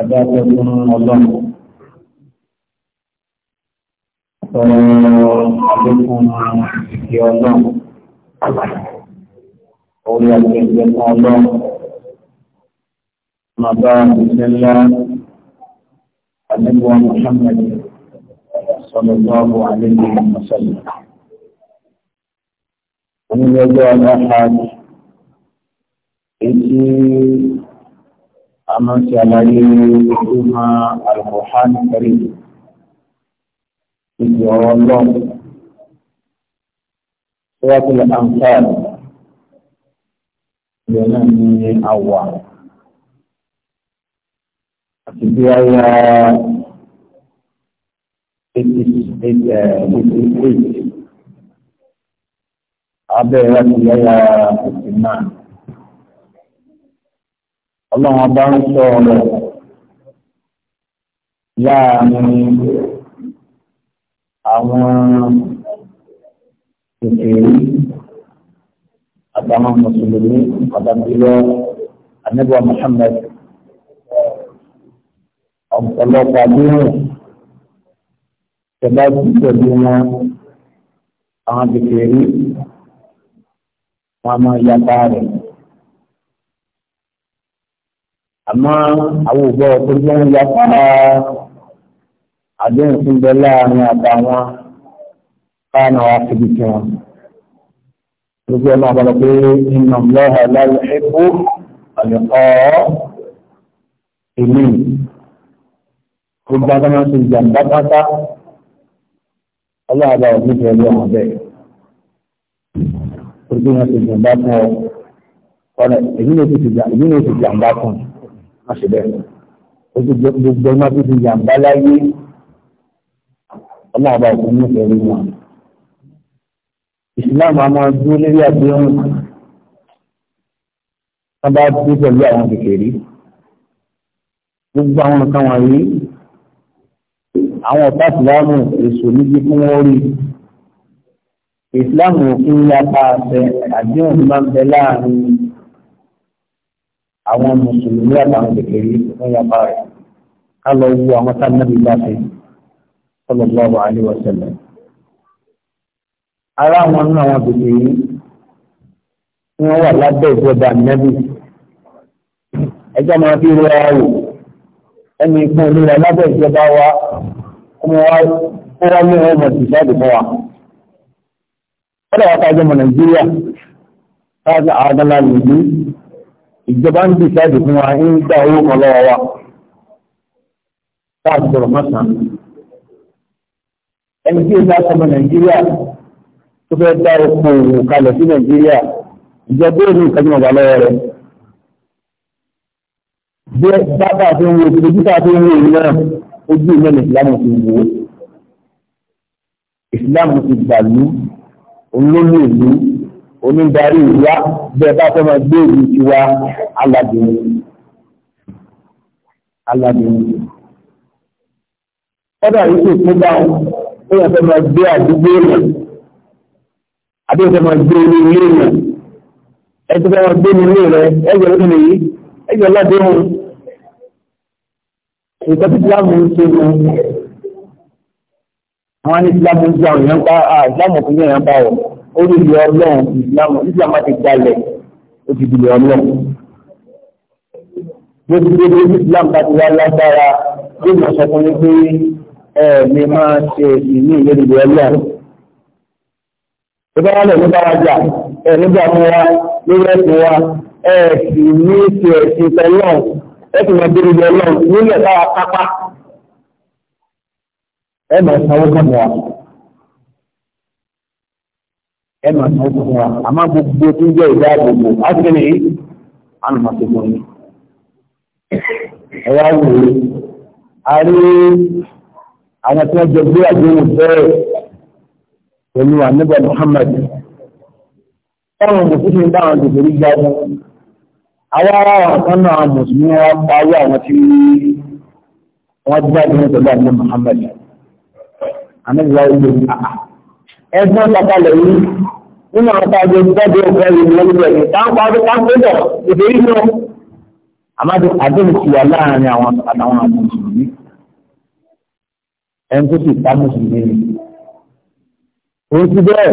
Adájọ́ fún ọlọ́run. Sọ̀rọ̀ àlékún ìdí ọlọ́run. Orí àgbẹ̀gbẹ̀ fún ọlọ́run. Máa bá ìṣẹ́ ńlá àdébọ̀ Mùsùlùmí sọ̀rọ̀ lọ́wọ́ àlejò ìmọ̀sọ̀lẹ̀. Onílẹ̀ ọjọ́ ọlọ́run èyí a máa ṣe àlàyé ìgbìmọ̀ alùpùpù kẹrì ìgbì ọ̀rọ̀ lọ́n sọ́wọ́pẹ̀lẹ̀ àǹfààní ìgbìmọ̀ náà ní àwà àti bí a yá eighty eight eighty eight yá yá fifty nine ọlọ́run ọba ń sọ ọ̀rọ̀ láàrin àwọn kékeré àtàwọn mùsùlùmí ọ̀dàbílọ anábọ̀ Muhammad ọ̀pọ̀lọpọ̀ àdéhùn tẹ̀lá pẹ̀lú wọn àwọn kékeré wọn máa yá bá àmọ́ àwọn ògbọ́ ọ̀pọ̀lọpọ̀ ń ya fún àdéhùn tó ń bẹ láàrin àtàwọn fáànà wa síbi tí wọn. Gbogbo ẹ̀ máa bọ̀lọ̀ pé iná lọ́hà láyé ẹ̀kọ́ àlẹ́kọ́ èmi. Gbogbo agbára ti jàǹbá pátá. Ọlọ́run àbá òbí ti ọmọ bẹ́ẹ̀. Gbogbo wọn ti jàǹbá fún Ọ̀rẹ́ èmi ló ti jàǹbá fún má ṣe bẹ́ẹ̀ ojú gbogbo ọmọ tó ti yàǹbá láyé ọmọ ọba òkú ní ìfẹ́ wọn. ìsìláàmù a máa dúró lórí àdéhùn wọn bá dúró pẹ̀lú àwọn kékeré gbogbo àwọn nǹkan wọ̀nyí àwọn ọ̀tá ìsìláàmù èso níbi kí wọ́n rí ìsìláàmù òkú ńlá pa àṣẹ àdéhùn máa ń bẹ láàrin àwọn mùsùlùmí àtàwọn kékeré fún yàpá rẹ̀ ká lọ wú àwọn sáńdàbí bá ṣe sallallahu alaihi wa sallam. ara àwọn nínú àwọn kékeré tí wọ́n wà lábẹ́ ìjọba nẹ́bí ẹjọ́ máa fi rọ ààrò ẹni fún olúwa lábẹ́ ìjọba wa ọmọ wa ó wá ní ọmọ ìṣáàdì fún wa. ó dàgbà ká jẹ́ mọ̀ nàìjíríà ká jẹ́ àwọn ọ̀dọ́ ìjọba ń bí ìṣáàjì fún wa ń dá owó kan lọ́wọ́ wa láti sọ̀rọ̀ mọ́sàn-án ẹni tí ó bá sọmọ nàìjíríà tó fẹ́ dá oko òwò kalẹ̀ sí nàìjíríà ìjọba èrò ìkàjú ọ̀gá lọ́wọ́ rẹ̀ bí bàbá àti ohun ètò ojú tá a fi ń wò náà ojú ìmọ̀ ìsìlámù ti wò ó ìsìlámù ti gbàlú olómi ìlú onídarí ìyá bẹ́ẹ̀ bá fẹ́ máa gbé ìlú ti wá aládìní. aládìní. Kọ́dà yìí sì tún bá ó yẹ fẹ́ máa gbé àdúgbò èèyàn àbí ìfẹ́ máa gbé ilé ilé èèyàn. Ẹ ti fẹ́ máa gbé ní ilé rẹ̀ ẹ̀jẹ̀ ló tẹ̀lé yìí ẹ̀jẹ̀ ládéhùn. Ìkọ́ tí Ìsìlámù ń ṣe mọ́. Àwọn Ìsìlámù ń ṣe àwọn èèyàn pa Ìsìlámù kò ọ̀ orí ilé ọlọ́run ìsìlámù ìsìlámù ti gbalẹ̀ ó ti di ilé ọlọ́run. Gbogbo gbogbo ìsìlámù bá ti wá lágbára yóò máa sọ fún mi pé ẹ mi máa ṣe ìní ìlérí ilé ọlọ́run. Ìbára lè nígbà wájà ẹ nígbà mú wa lórí ẹ̀sìn wa ẹ sì ní ti ẹ̀sìn tẹ́lọ̀n ẹ sì máa bèrè ilé ọlọ́run nílẹ̀ táwa kápá. Ẹ máa sanwó kàn wá ẹnu àti ọkọ wa àmọ́ gbogbo tó ń jẹ ìdá àgbègbè ákíní ànàmọsọgbọ ni ẹ wá wò ó a rí àwọn tí wọ́n jẹ gbé àdéhùn bẹ́ẹ̀ pẹ̀lú àníbà Muhammad táwọn mùsùlùmí bá àwọn tòkòrí jáde àwọn ará wọn kan náà àwọn mùsùlùmí wọn parí àwọn tí wọ́n jáde ní pẹ̀lú àníbà Muhammad àníbà wọn lè ní àhà yìí nínú àwọn àjọ ìgbàdé ọkọ ìlú ọlọ́dẹ yìí táwọn pàdé káńpẹ́tọ̀ èdè yìí lọ. àmàdé àdéhùn ti wà láàrin àwọn àtàwọn mùsùlùmí ẹni tó ti ta mùsùlùmí ni. òun ti bẹ́ẹ̀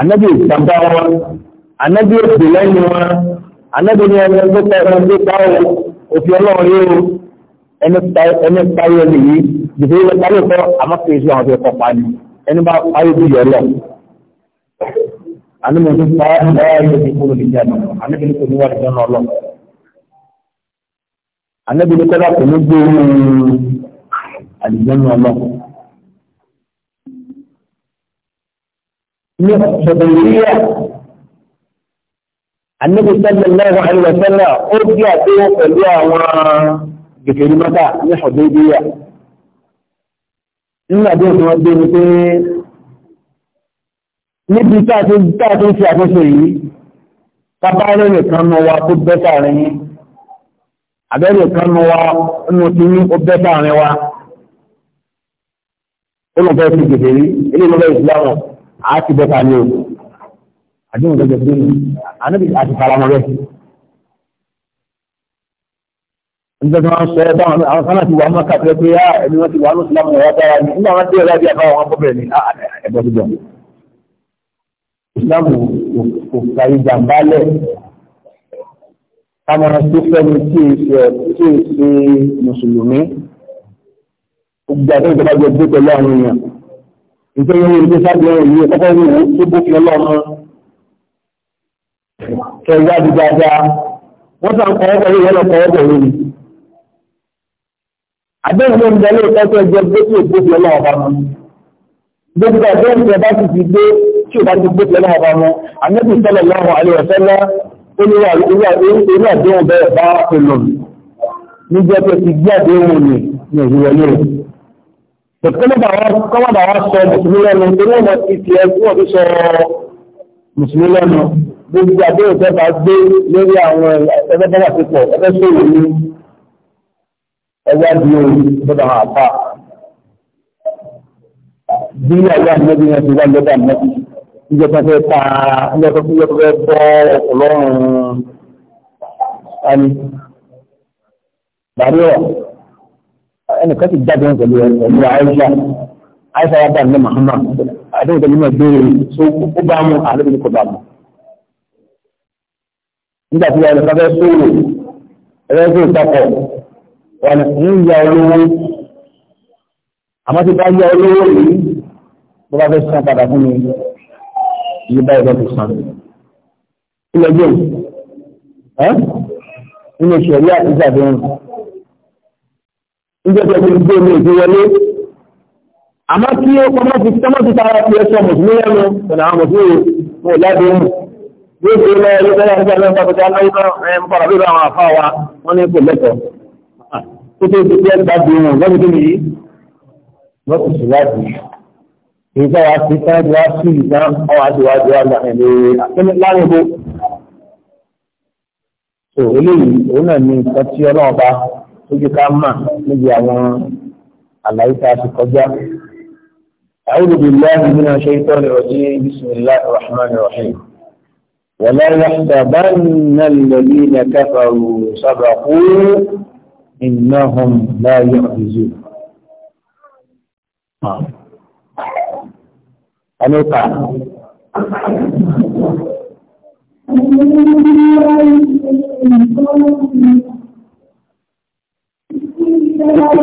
anábì ìtàgbà wọn anábì òkè lẹ́yìn wọn anábì ní ẹni tó ta ẹni tó ta ọ òfin ọlọ́run yìí o ẹni parí ẹni yìí dìbò yìí lọ́ọ́ parí ọkọ àmọ́ kì í ṣe àwọn tó kọ pa ni ẹni bá parí ojú yọ lọ àní mo ní pa lọ́wọ́ yóò fi kúrò níjà náà àníbi ní kò ní wà níjà náà lọ. àníbi ní kọ́lá kò ní gbé ohun àdìjọ́ náà lọ. ní ọ̀sọ̀tọ̀ ìrírí àníbi sẹ́lẹ̀ lọ́wọ́ àìlọ́ sẹ́lẹ̀ ó bí àdéhùn pẹ̀lú àwọn gègèrè mọ́tà ní ọ̀dọ́ ìdíyà. nínú àdéhùn tí wọ́n gbé ni pé níbi táàtí ń fi àkóso yìí tàbáyé rẹ̀ kan mọ́ wa tó bẹ́ta rẹ̀ yìí àbẹ́rẹ̀ kan mọ́ wa inú ti ní ó bẹ́ta rẹ̀ wa olùfẹ́ fi gèdè rí ilé ìlọ́lẹ̀ ìsìláwọ̀ á ti bẹ́ta ní òkú àdéhùn gẹ́gẹ́ bí mi àníbi àti faramọ́ rẹ̀ nígbà tí wọ́n sọ ẹ́ báwọn àwọn kan láti wà á máa kàtẹ́ pé ah, ẹni wọ́n ti wà á ní ìsìláwọ̀ ọ̀rọ̀ tára ní nígbà wọ́n dé ọ̀rọ̀ àbí àbáwọn ọkọ̀ bẹ̀rẹ̀ ní ah, ẹ̀bọ̀ ìsìláàmù kò fa ìjàmbá lẹ̀ káwọn tó fẹ́ni tí èsè tí èsè mùsùlùmí gbogbo àti ìjọba jẹ gbé pẹ̀lú àwọn èèyàn nítorí wọn ìgbé sábẹ́ wọn yìí kọ́kọ́ wù ú tó bófin ọlọ́mọ kẹwàá di dáadáa wọ́n sàn kọ́ ọ́kọ́ yìí wọ́n kọ́ ọ́kọ́ yìí àbẹ́yìn ló ń bẹ lóòótọ́ tó ẹgbẹ́ gbé tó bófin ọlọ́mọ gbogbo ọjọ́ ìṣẹ́ bá ti fi gbé tí o bá ti gbé pẹ̀lú ọba wọn àmẹ́bí sọ́lọ̀ lọ́wọ́ àlẹ́wọ̀sẹ́lá olúwa orí àdéhùn bẹ̀rẹ̀ bá pẹ̀lú níjẹ́ tó ti gbé àdéhùn ní ìwọlé rẹ̀ tẹ̀kọ́lọ́bà wọn sọ mùsùlùmí lẹ́nu torí ọmọ ti fi ẹgbẹ́ wọn fi sọ mùsùlùmí lẹ́nu gbogbo àdéhùn tẹ́ bá gbé lórí àwọn ẹgbẹ́ bá wà pípọ̀ ẹgbẹ́ sọ̀rọ̀ ní ẹgbẹ́ àdéhùn bọ́dà àpá bí àyà ànábì yẹn ti wá lọ́dọ̀ ànábì ìjọba fẹ́ ta ìjọba fẹ́ bọ́ ọlọ́run ani bàrí ọ̀ ẹnìkan ti jáde pẹ̀lú ẹ̀lú àìsà àìsà wà bá ní Muhammad àdéhùn tẹ̀lé náà béèrè tó ó bá mú àdéhùn kò bá mú nígbà tí wà ní káfẹ́ sóòrò ẹ̀rẹ́ tó ìtakọ̀ wà ní ìyá olówó àmọ́ ti bá yá olówó yìí bó bá fẹ́ san padà fún mi yìí báyìí lọ́ọ́ fi san. ilẹ̀ jẹ́ ẹ́ nínú ìṣẹ̀lẹ̀ ìṣàdéhùn níjẹ́ tó ti gbé mi ìdí wọlé àmọ́ kí ó kọ́ máa fi tọ́mọ́ ti tara fi ẹsọ mùsùlùmí lẹ́nu ọ̀nà àwọn mùsùlùmí mo ládéhùn bí ó ṣe lọ ẹni tẹ́lẹ̀ nígbà lẹ́nu tó kọjá lọ́wọ́ náà ẹ̀ ń bọ̀rọ̀ lórí àwọn àfa wa wọ́n ní kò lẹ́tọ̀ọ́ tó tó ti fẹ́ gbàdúrà lọ́dún tó nìyí lọ́kùnrin láti yìí ìgbà wa ti tán wá sí ìgbà ọwọ́ àtiwájú wa gbà ẹ̀lẹ́ àtẹ́lẹ́ lárúgbó. tó eléyìí òun náà ní nǹkan tí ọlọ́run bá lójú ká mà níbi àwọn àlàyé tá a ti kọjá. أعوذ بالله من الشيطان الرجيم بسم الله الرحمن الرحيم ولا يحسبن الذين كفروا سبقوا إنهم لا يعجزون آه ẹnìkà.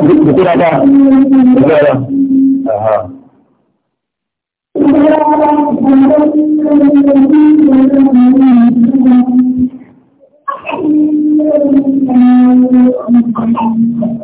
Ìtú dáadáa, ìlú ẹ̀rọ. Thank you.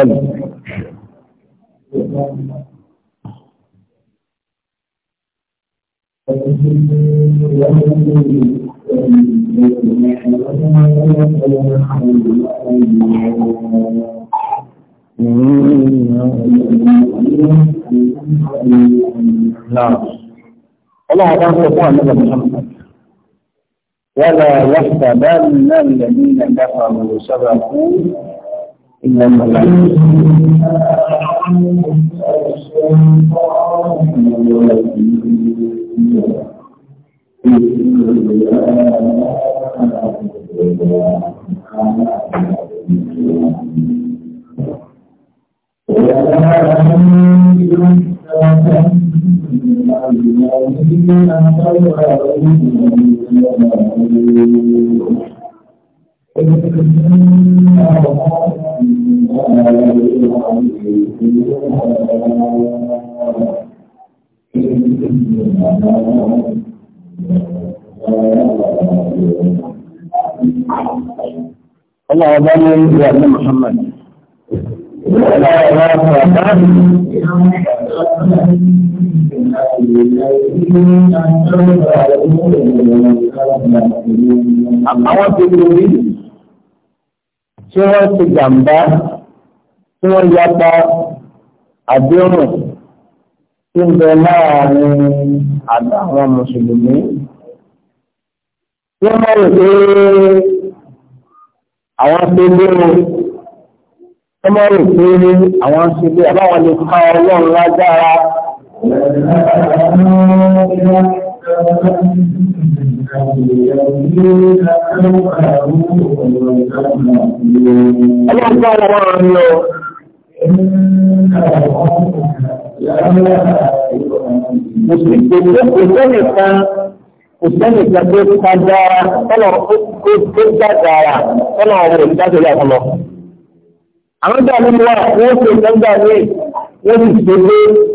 القلب نعم الله تعالى سبحانه محمد ولا يحسبن الذين كفروا سبقوا إن الملائكة Thank you. الله ظن يا ابن محمد ولا غرف àwọn tó ń lórí tí wọ́n ti jàǹbá tí wọ́n yapa àdéhùn tí ń bẹ láàrin àwọn mùsùlùmí. Wọ́n máa rò pé àwọn ṣe lérò wọ́n máa rò pé àwọn ṣe lé àbáwọn lè ká ọlọ́run lágbára. Ọlọ́run bá wọn rán ní ọ. Mo sì pèsè kò sẹ́nìkan kò sẹ́nìkan tó padà tọ́lọ̀ tó dàgbàrà tọ́lọ̀ ọ̀rọ̀ ìdájọ́ ìyá ọ̀lọ́. Àwọn ìgbà mi wà wọ́n ṣe ìgbàgbà mi wọ́n sì ṣe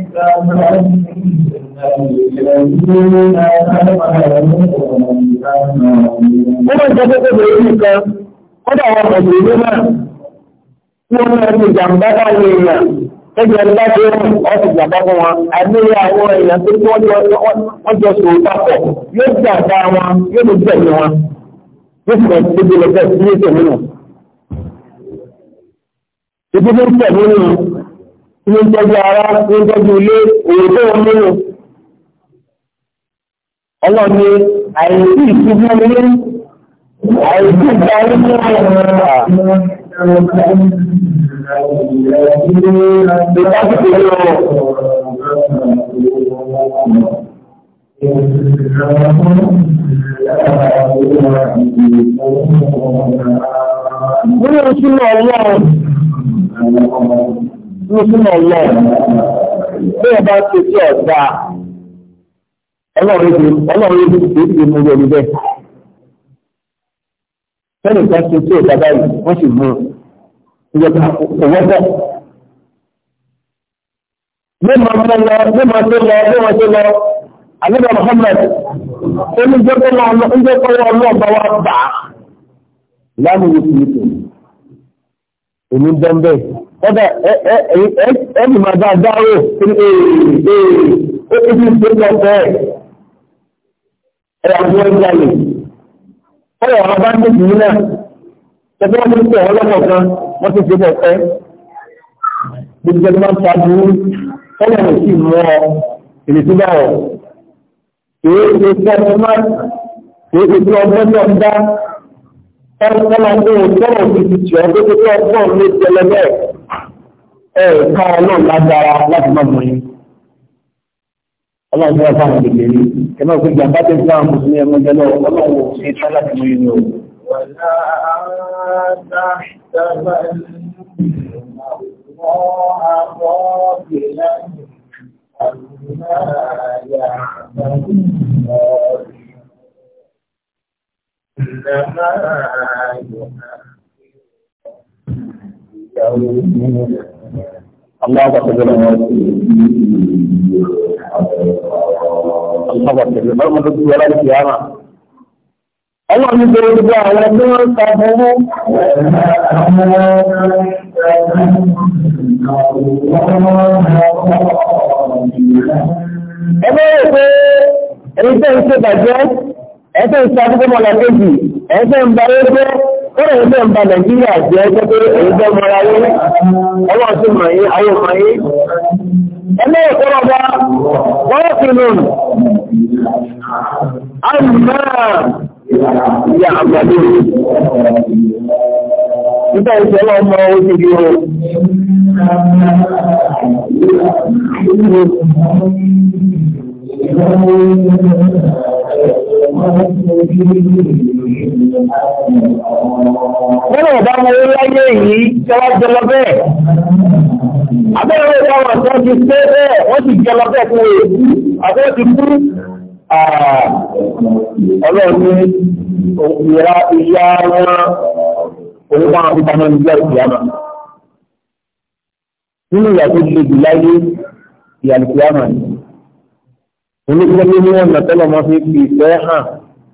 Wọ́n máa ń sọ pé kò lórí nìkan, wọ́n dà wọ́n pẹ̀lú ìlú náà, tí wọ́n máa ti jàǹbá láwọn èèyàn, ẹgbẹ́ ẹni bá dé rùn, ọ́ ti jàǹbá fún wọn, àìmọye àwọn èèyàn tó tí wọ́n jọ sòrò papọ̀, yóò jàǹbá wọn, yóò lè jẹ̀bi wọn, yóò sì máa ti gbé lọ bẹ́ẹ̀ sí ní ìṣẹ̀lẹ̀ náà. Ìdílé ń tẹ̀lé nínú ní tọ́jú ara ní tọ́jú ilé òwò tó ń múlò. ọlọ́run ni àìsí ìṣubú ilé àìsí ìdarí ní ọ̀rọ̀ Nínú ìṣúná ọlọ́run, ní súnmọ́ ọlọ́run bí wọ́n bá ṣe sí ọ̀dà ọlọ́run èdè ọlọ́run èdè tó ti mú lórí bẹ́ẹ̀. sẹ́ni kan ṣe sí ọ̀dà báyìí wọ́n sì mú ìjọba òwọ́pọ̀. bí wọ́n ṣe lọ bí wọ́n ṣe lọ bí wọ́n ṣe lọ àlejò Muhammad ó ní jẹ́ kọ́lọ́ ọlọ́ọ̀bá wa bà á lánàá yóò fi ètò èmi ń bẹ́ẹ̀ bẹ́ẹ̀ kọ́dà ẹ̀ẹ́dì máa bá dáró ní èèrè ó ti fi ṣe lọ bẹ́ẹ̀ ẹ̀rọ àwọn ọjà lè kọ́dà àwọn bá ń tètè yín náà tẹ̀sí wọn ti tẹ̀ wọ́n lọ́pọ̀ kan wọ́n ti ṣe bọ̀ pẹ́ gbogbo ẹni máa ń ta burú kọ́dà ò sì mú ọ ìrètí bá ọ kìí ṣe fẹ́ ọmọ máa kìí ṣe fẹ́ ọmọ náà ń dá kọ́dà ń tọ́lá ń tó ń tọ́lá òfin ti tì ọ́ gbogbo ọgbọ́n ló jẹ lọ bẹ́ẹ̀ ẹ̀ẹ̀kan ọlọ́run lágbára láti má mọ̀yìn ọlọ́run tó wà fáwọn ìgbè rí ẹ̀mọ́ pé jàmbá tẹ́ sí àwọn mùsùlùmí ẹ̀mọ́ jẹ́ lọ ọlọ́run sí tán láti mọ̀yìn ní òun. إنما يؤمن الله تقبل الله تقبل ولا القيامة الله يقول لك على نور كفروا ẹgbẹ́ ìpé ẹni tẹ́ ń ṣe bàjẹ́ ẹ̀tẹ́ ìṣàkókò mọ̀lá kéjì ẹ̀tẹ́ ń bá ẹgbẹ́ kọ́rọ̀ ilé ọba nàìjíríà jẹ́ ẹjọ́ pé èyí bẹ́ mọ́ra yé ọlọ́run sí mọ̀ yé àwọn ọmọ yé ẹlẹ́ ìkọ́rọ̀ ọba wọ́n fi lò àmà ìyá àgbàdo Thank you. Nínú ọ̀bá mo rí láyé yìí tẹ́wọ́ jẹlọ bẹ́ẹ̀. Abẹ́rẹ́ ìdáwọn tó ti pé bẹ́ẹ̀ wọ́n ti jẹlọ bẹ́ẹ̀ fún èyí. Àbẹ́ ti kú ọlọ́run ní ìra wọn òun bá wọn fipamọ́ ní ìjọ onígbẹ́ ní ọ̀nà tọ́lọ̀ máa fi fi ìfẹ́ hàn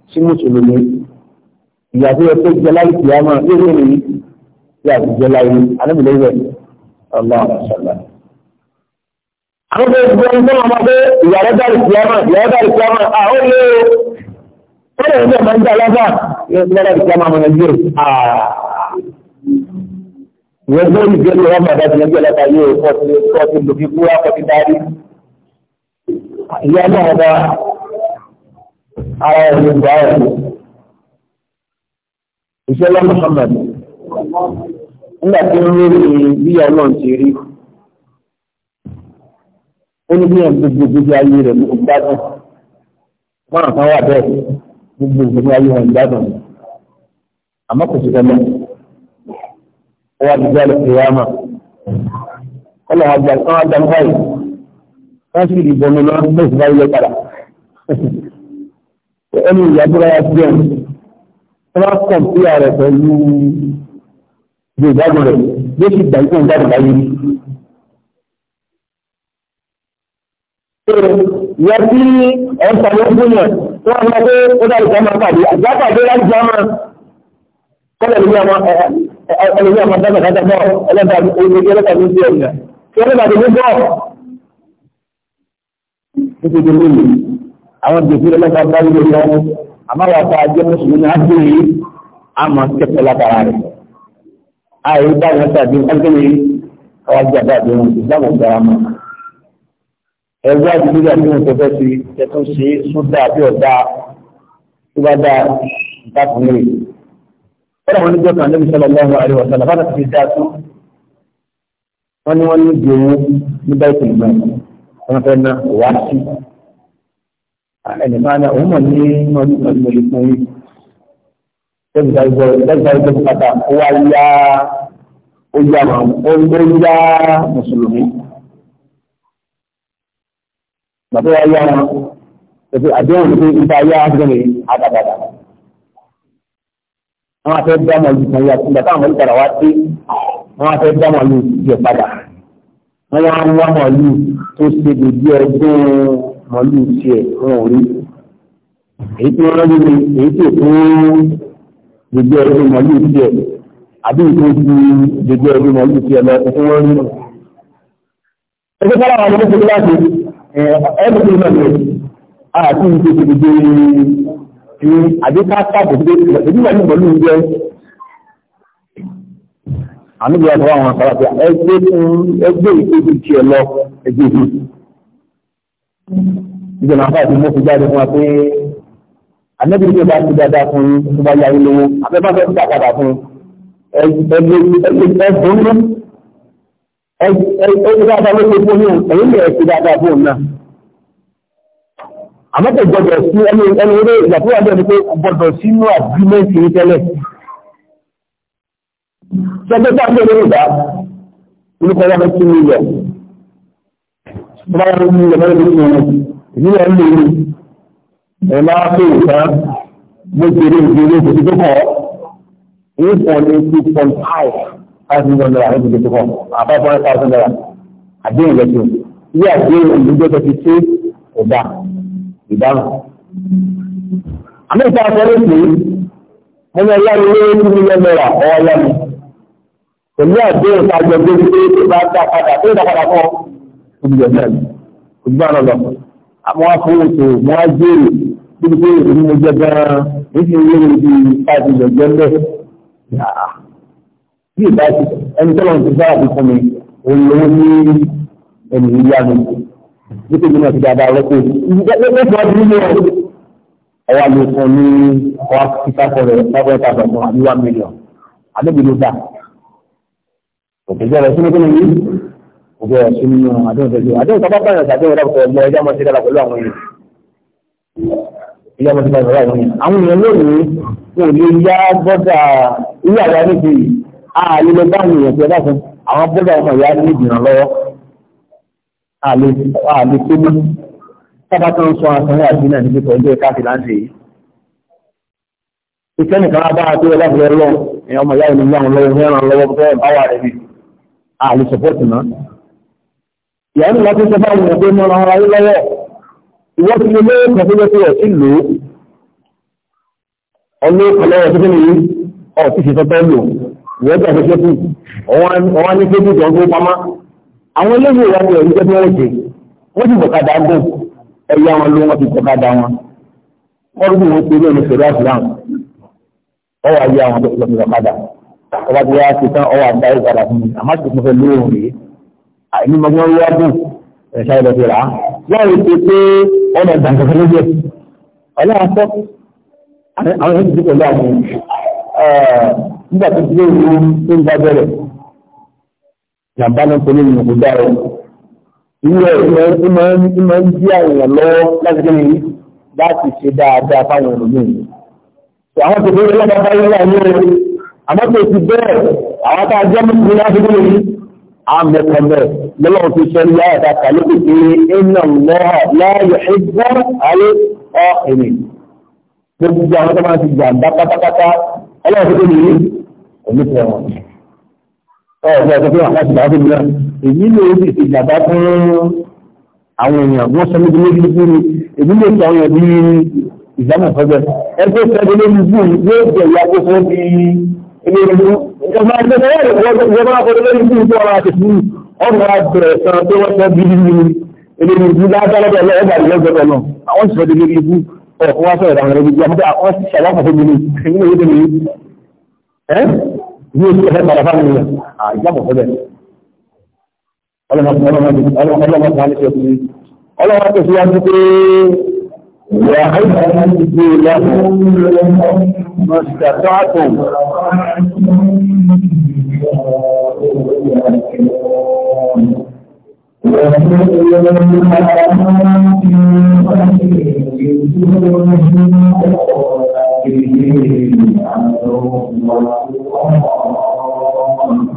sí mùsùlùmí ìyà tó yẹ kó jẹ láì kìí àmà yóò wọ́n yìí tí a ti jẹ láì anábìlẹ̀ rẹ̀ ọlọ́ àṣàlá. àwọn ọmọ ìgbọ́n tó máa pé ìyàwó dárì kìí àmà ìyàwó dárì kìí àmà àwọn ilé o wọ́n lè ní ọmọ ìjà lọ́fà yóò ti dárì kìí àmà ọmọ nàìjíríà ìwọ́n gbọ́ ìgbẹ́ ìyá náà bá ara ẹni gbà ẹ̀ ìṣẹ́lá Muhammad nígbà tí ń rí bí ìyá náà ti rí ó ní bí ẹ̀mí gbogbo gbogbo ayé rẹ̀ ló gbádùn wọn àtàn wà bẹ́ẹ̀ gbogbo gbogbo ayé wọn gbádùn àmọ́ kò sí tẹ́lẹ̀ ó wá di jẹ́ àlùfẹ́ yá mà kọ́lọ̀ wọn jẹ́ àwọn àjàmbá yìí wọ́n sì rí ìbọnú lọ́wọ́ bó sì bá ilé padà ẹni ìyàbúra ya jẹ́ ẹ bá kàn sí ààrẹ pẹ̀lú ìgbàgbọ́ rẹ̀ bí ó sì gbà ìpín ìjáde láyé rí. ìyá tí ẹ̀ ń pàdé ọdún yẹn tí wọ́n sọ pé ó dá ìjà pàdé àjà pàdé láti jẹ́ ọmọ kọ́lẹ̀ lórí àwọn ẹlẹ́dàá dáadáa bọ́ ẹlẹ́dàá ní orí ẹlẹ́dàá ní orí ẹ̀yà tí ẹlẹ́dàá ní bọ́ nítorí lónìí àwọn gbèsè lọ́pàá bá lè lọ àmọ́wà tá a jẹ́ mùsùlùmí á sì rí àmọ́ kẹfẹ́ látara rẹ̀ àìrí báwọn tàbí ọgbẹ́ni àwọn jàdá àdéhùn ìsìláàmù gbára mọ́ ẹgbẹ́ àdúgbò àdéhùn tó fẹ́ sí ẹ̀tún ṣe sódà bí ọ̀dà tó bá dá ìtàkùnrin fọ́nà wọn ní jẹ́ kan lẹ́bi lọ́wọ́ àríwá sọ́lọ́ fọ́nà ti fi dá tún wọ́n ní wọ́n ní gbèrú ní báyìí wọn fẹ́ ná wá sí ẹnì máa ná òun mọ̀ ní mọ̀lẹ́mọ̀lẹ́ fún yìí lẹ́gbẹ̀ẹ́ ìgbẹ́ pátá ó wá yá ó yá mùsùlùmí bàbá wa yá wọn pẹ̀lú àdéhùn pé ìta yá gbẹ̀rẹ̀ àdàbàdà wọn á fẹ́ dámọ̀ yìí kan yá fún bàtà àwọn olùkọ́ra wá sí wọn á fẹ́ dámọ̀ yẹ padà wọ́n wá ń wá màálù tó ṣe dèbí ọdún màálù tiẹ̀ wọn ò rí èyí tí wọ́n rí ni èyí tí èkó dèbí ọdún màálù tiẹ̀ àbí ìkó ti dèbí ọdún màálù tiẹ̀ lọ ẹ̀kọ́ wọn rí. ẹgbẹ́ sára àwọn ọmọdé tó láti ẹ̀ẹ́dẹ̀ tó náà lè àti ìkó ti dèbí ẹ̀yìn àbí ká sáàbò pé jẹ́ àníbi ọ̀dọ́ àwọn àpàlàpà ẹgbẹ́ ẹgbẹ́ ìkéjì tí ẹ lọ ẹgbẹ́ ìlú. ìjọba àpá àti mọ́kù jáde fún wa pé àníbi ìjọba ti dáadáa fún yín tó bá yá ilé wọn abẹ́bá fẹ́ gbà padà fún ẹgbẹ́ ẹgbẹ́ ẹgbẹ́ dáadáa ló ṣe fún yín ẹ̀yìn lè ṣe dáadáa fún òun náà. àmọ́ kò gbọdọ̀ sí ẹni ẹni eré ìgbà tó wà lẹ́nu pé gbọdọ̀ sínú àgbímẹ́ǹtì tẹ́lẹ̀ Gbogbo tó ń gbé lórí ìdá, olùkọ́ wa lọ sí ní ilẹ̀. Bọ́lá ló ní ilẹ̀ lọ́dún nínú wọn, èmi náà ń lè ní. Ẹ máa pè é tán, mo jèrè ìjèrè ìjèrè tó kọ̀ ọ́. Èyí two point five five million naira ní ìjèrè tó kọ̀, àbá five thousand naira. Àdéhùn lẹ́sìn. Ilé àdéhùn ìdíjọ́ ti ṣe ọ̀dà ìdáhùn. Àmì ìta àtọ́lẹ́sìn, mo ní ọlá mi lé two million naira ọ̀ọ́ pẹ̀lú àdéhùn tá a jọ gbé wípé tó bá dá padà tó dá padà fún olùyọ̀ náà ni olùgbà náà lọ. àmọ́ afọwọ́sọ mọ́ á jèrè bí wípé èmi mo jẹ gan-an èyí ti yé mi bí káàdì ìjọ jẹ́ ńlẹ̀. bí ìbá ti ẹni tọ́lọ̀ ti sára fi fún mi òun ló ní ẹni ìyá mi nítorí mi náà ti dáadáa rọ́pò. ìjọba ti ní ọ̀rọ̀ ọwọ́ àlè fún ní ọwọ́ fífà fọ̀rẹ̀ fáfọ̀rẹ̀ tàbí ọmọ àbí one million àdébìlú dáa òkèjọ́ rẹ̀ sínú kíni yìí òkè rẹ̀ sínú àdéhùn tó ju àdéhùn tó bá bá yàn sàdéhùn dàpọ̀ ọgbọ ẹjọ́ mọ̀ sí dára pẹ̀lú àwọn èèyàn ìyá mọ̀ sí dára pẹ̀lú àwọn èèyàn àwọn èèyàn lónìí kò lè yá bọ́dà ilé àgbà níbi ààlè lọ bá ènìyàn tí ẹ bá fún àwọn bọ́dà ọmọ ìyá ní ìdìrán lọ́wọ́ ààlè tó mọ́ sábà tó ń sọ àtúnrẹ́ àti náà níbi pẹ̀lú ẹ̀ka àti láǹtì yìí ìkẹ́nìkan bá a tó ẹlẹ́gbẹ̀ẹ́ lọ ẹ̀yàn ọmọ ìyá ìlú yà wọn lọ́wọ́ fẹ́ràn lọ́wọ́ àlè sọ̀pọ̀tì náà. ìyá ní láti sọ fáwọn èèyàn pé mọ́ra ara yín lọ́wọ́ ìwọ́n ti lè lóyún kan tó yẹ kó ọ̀sìn lò ó ọlọ́ọ̀kan lọ́wọ́ tó kéde yìí ọ̀sìn ṣe tọ́tọ́ lò ìwọ́n gbà fẹ́fẹ́ kù ọ̀wọ́n ní kébù tó ń gbó pamá. àwọn eléyìí ìwà ni ẹ̀rí tẹ́tí wọ́n ṣe wọ́n ti bọ̀kadà gùn ẹ̀yà wọn ló wọ́n ti bọ̀kadà wọn. wọ́n rúbù wọn pé ní ọ̀nà ìṣẹ̀lẹ̀ àfúrà ọ̀wọ́ ayé àwọn tó ti bọ̀kadà ọba tí wọ́n á ti tán ọwọ́ àgbà yóò padà fún mi àmọ́ tí mo fẹ́ lóòrùn rèé àìní mo gbọ́n wíwá dùn ẹ̀ṣá ìlọ ti rà á wọ́n rí i pé ọ̀nà ìdàgbà fẹ́ lójú ẹ̀ ọlọ́run sọ àwọn èèyàn ti di pẹ̀lú àwọn nígbà tó ti lé ìlú tó ń bá bẹ̀rẹ̀ ìjàmbá náà kò ní ìlú kò dára ilé ìmọ̀ ìmọ̀ ń jí àwọn èèyàn lọ́wọ́ láti kí ni láti ṣe dáadáa fáwọn ènìyàn. àwọn tòbí ọlọ́pàá bá yẹ àmọ́tò ti bẹ́ẹ̀ àwọn tá a jẹ́ mọ́tò láti gbé yìí àmẹ́kọ̀ bẹ́ẹ̀ lọ́wọ́ fi sọ ní àyàtà kàlókè pé iná lọ́wọ́ láàyè ẹgbẹ́ alẹ́ ọ̀ èmi gbogbo jẹ́ àwọn tó máa ti gbàǹdà pátápátá ọlọ́wọ́ fi gbé yìí òní fẹ́ wọn. ọ̀ ọ̀gá ẹ̀kọ́ pé àkàtì bá fi mìíràn èyí ló ti ti gbàgbá fún àwọn èèyàn wọ́n sọ níbi méjì fún mi èyí ló ti àwọn èèyàn bí ìdáná fẹ́ bẹ́ẹ̀ ẹgbẹ́ sẹ́gbẹ́ lórí zoom yóò jẹ́ ìyá ìgbèrú ìjọba ìjọba ìjọba akọ̀lẹ́lẹ́rí sí ìjọ ọ̀rọ̀ àti sí ọ̀rọ̀ àbẹ̀rẹ̀ sàn tó wọ́n sọ bí nínú ìlú ìlú lágbàlọ́gbà lọ́gbà lọ́gbà náà àwọn sì sọ́dọ̀ lórí ibú ọ̀kọ́ wá sọ̀rọ̀ àwọn ẹgbẹ́ àmọ́dé àwọn sì ṣàlọ́pàá fún mi ní ìlú ìlú ìlú ẹ́ ní oṣù ẹ̀fẹ́ padà fáwọn ènìyàn àìjábọ̀ fẹ́lẹ̀ ọlọ́mọ ọlọ́mọ ọlọ́mọ ọlọ́mọ وأعدوا لهم ما استطعتم Thank you.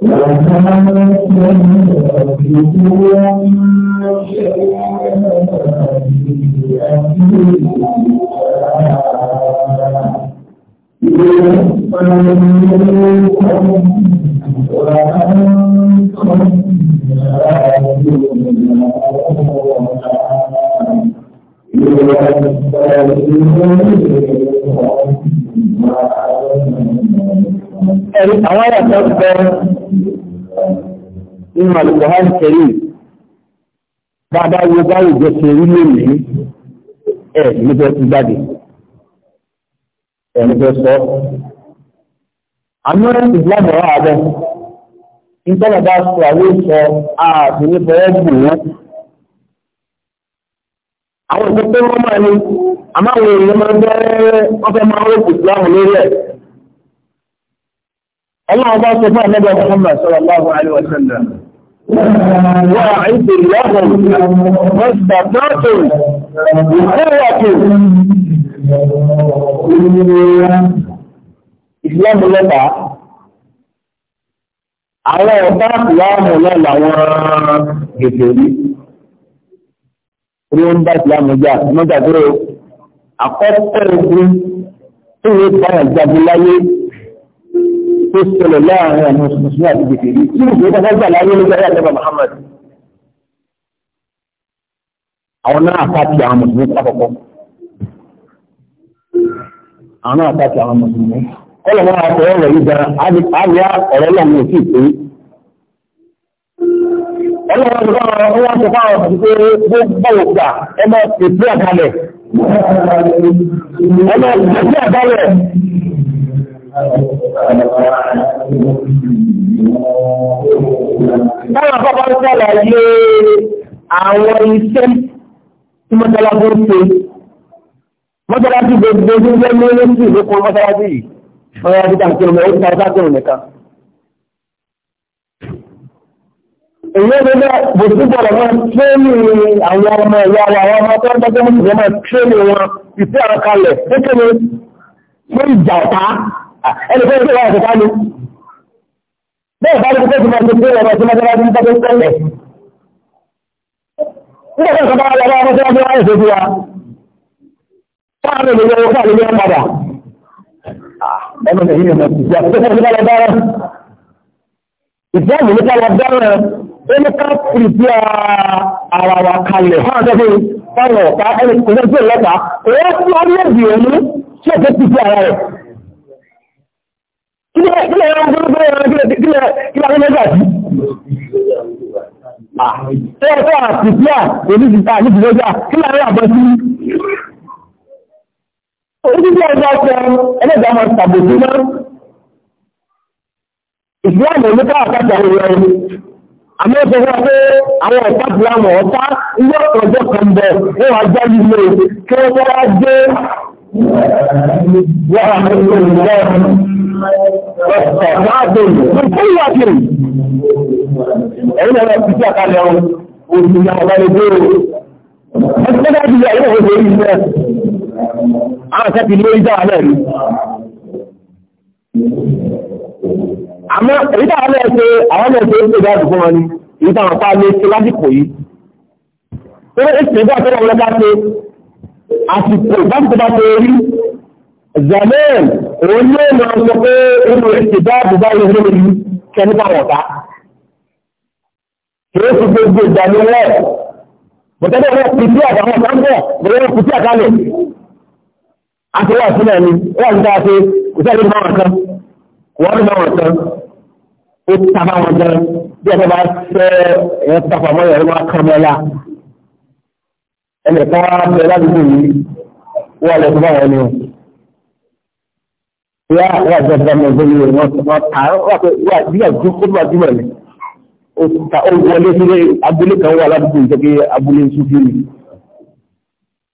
Àwọn àyàtọ̀ bẹ̀rẹ̀ nínú alùpùpù ha bàbá wo jẹ ṣe lónìí ẹ níbẹ̀ ti jáde ẹ níbẹ̀ sọ àmọ́ ìgbàgbọ́ àbẹ̀ nítorí bá sọ àwọn ìsọ ààbò nípa ẹgbùn wọn àwọn máa ń máa ń ọlọ́run bá ṣe fún ẹ̀mẹ́gbẹ̀ Muhammad sallallahu alaihi wa sallam wà ìdè lọ́gbọ̀n mọ́sàtọ́tò ìkúrọ̀tò ìsìlámù lọ́ta àwọn ọ̀tá ìsìlámù náà làwọn gègé rí rí ń bá ìsìlámù jà mọ́jà dúró àkọ́kọ́ ogun tó yẹ kí wọ́n jagun láyé tó ṣẹlẹ̀ láàrin àwọn mùsùlùmí àti gbèsèrè tí mùsùlùmí kan gbà láyé ló gbáyà lọ́ba Muhammad àwọn náà àtàkì àwọn mùsùlùmí lákọ̀ọ́kọ́ àwọn náà àtàkì àwọn mùsùlùmí kọ́lọ̀ wọn àti ọ̀rọ̀ yìí gan àríyá ọ̀rọ̀ lọ́mú òkè pé ọlọ́run ti fáwọn ọwọ́ ti fáwọn ọ̀sán pé gbọ́wọ́ gbà ẹ máa ṣètò àkàlẹ̀ ẹ máa ṣètò àkàlẹ̀ Báwọn àkọ́kọ́ ń sàlàyé àwọn iṣẹ́ tí mọ́sálásí ń ṣe. Mọ́sálásí gbogbo ní ilé ní ilé sí ìlú kan mọ́sálásí yìí. Wọ́n yára títà kí ọmọ ìta ọ̀sá kí ọmọ nìkan. Èyí ló bẹ́ bò sí bọ̀rọ̀ wọn tréní àwọn ọmọ ìyá wa àwọn ọmọ tó ń tọ́jú mọ́sálásí wọn tréní wọn ìfẹ́ àwọn kalẹ̀ kékeré fún ìjà ọ̀tá ẹni tó ń gbé wọn kọta ni bẹ́ẹ̀ bá ní kókó tó máa ń gbé wọn tó máa ń gbé wọn tó ń tẹ́lẹ̀ nígbà tó ń sọ́kọ́ wọn lọ́wọ́ tó ń gbé wọn èso sí wa fáwọn ènìyàn wọn fáwọn ènìyàn padà ẹnu mi yìí ni mo ti sọ pé kí wọn lọ dára ìfẹ́ mi ní ká lọ dára ẹni ká fi sí ara wa kalẹ̀ fáwọn tó fi fáwọn ọ̀tá ẹni kò ní gbé lọ́ta èyí ó fi kílẹ̀ kílẹ̀ ẹran gbogbo ẹran kílẹ̀ kílẹ̀ kílẹ̀ kílẹ̀ gbà sí. ṣé ẹ̀fọ́ àtìsíà oníṣìṣà nídìlógà kílẹ̀ ẹran àbọ̀ sí. oníṣìṣà ẹgbẹ́ ọ̀sẹ̀ ẹlẹ́gbẹ́ ọmọ ṣàbòsí náà. ìsìláàmù oníkà àkàtà ìwé ẹni. àmọ́ ẹ̀fọ́ wọn pé àwọn ọ̀tá fúlàmù ọ̀tá ilé ọ̀pọ̀lọpọ̀ kan bẹ̀ wọ́n wá jáde ilé kí wọ́n wá dé وأمر الله واستغاثه من كل وجه إلى أن تتقى له ومن يغلبه Ẹgbẹ́gbẹ́ ti yà yóò wòye ìgbẹ́. Àwọn kẹ́ ti lé ìjọ alẹ́ rí. Àmọ́ ìdá alẹ́ ṣe àwọn ọmọ ìṣẹ́ ìṣẹ́ ìdájú fún wọn ni, ìdá àwọn pa lé ṣe lásìkò yìí. Ó àsìkò ìbáṣepọ̀ tó rí zamen òun ló lọ sọ pé inú ìṣèjá àbúgbà yìí ló rí kẹ́ni pàwọ̀ ta kìí fi gbogbo ìgbà ní wọ́n bọ̀tẹ́lẹ̀ wọ́n fi sí àtàwọn ọ̀sán bọ̀ bọ̀tẹ́lẹ̀ wọ́n fi sí àkálẹ̀ àti wọ́n sílẹ̀ ni wọ́n ń dá ṣe kò sẹ́ni máa wọn kan wọ́n ní wọn kan ó tàbá wọn gan bí ẹ̀fọ́ bá fẹ́ ẹ̀yẹ́ tàpá mọ́ ẹ̀rọ máa kàn mọ́ ẹ̀yà ẹnì kan wá bẹ ládùúgbò yìí wọ́n lọ sí báwọn ẹni o. Ìyá àwọn àjọ ìdáná ẹgbẹ́ yìí wọ́n wọ́n ta wọ́n pé wọ́n àdúgbò tó kó bá jùmọ̀ ni. Ó ta ó wọlé sílé abúlé kan wà ládùúgbò yìí jẹ́ abúlé sùfì ni.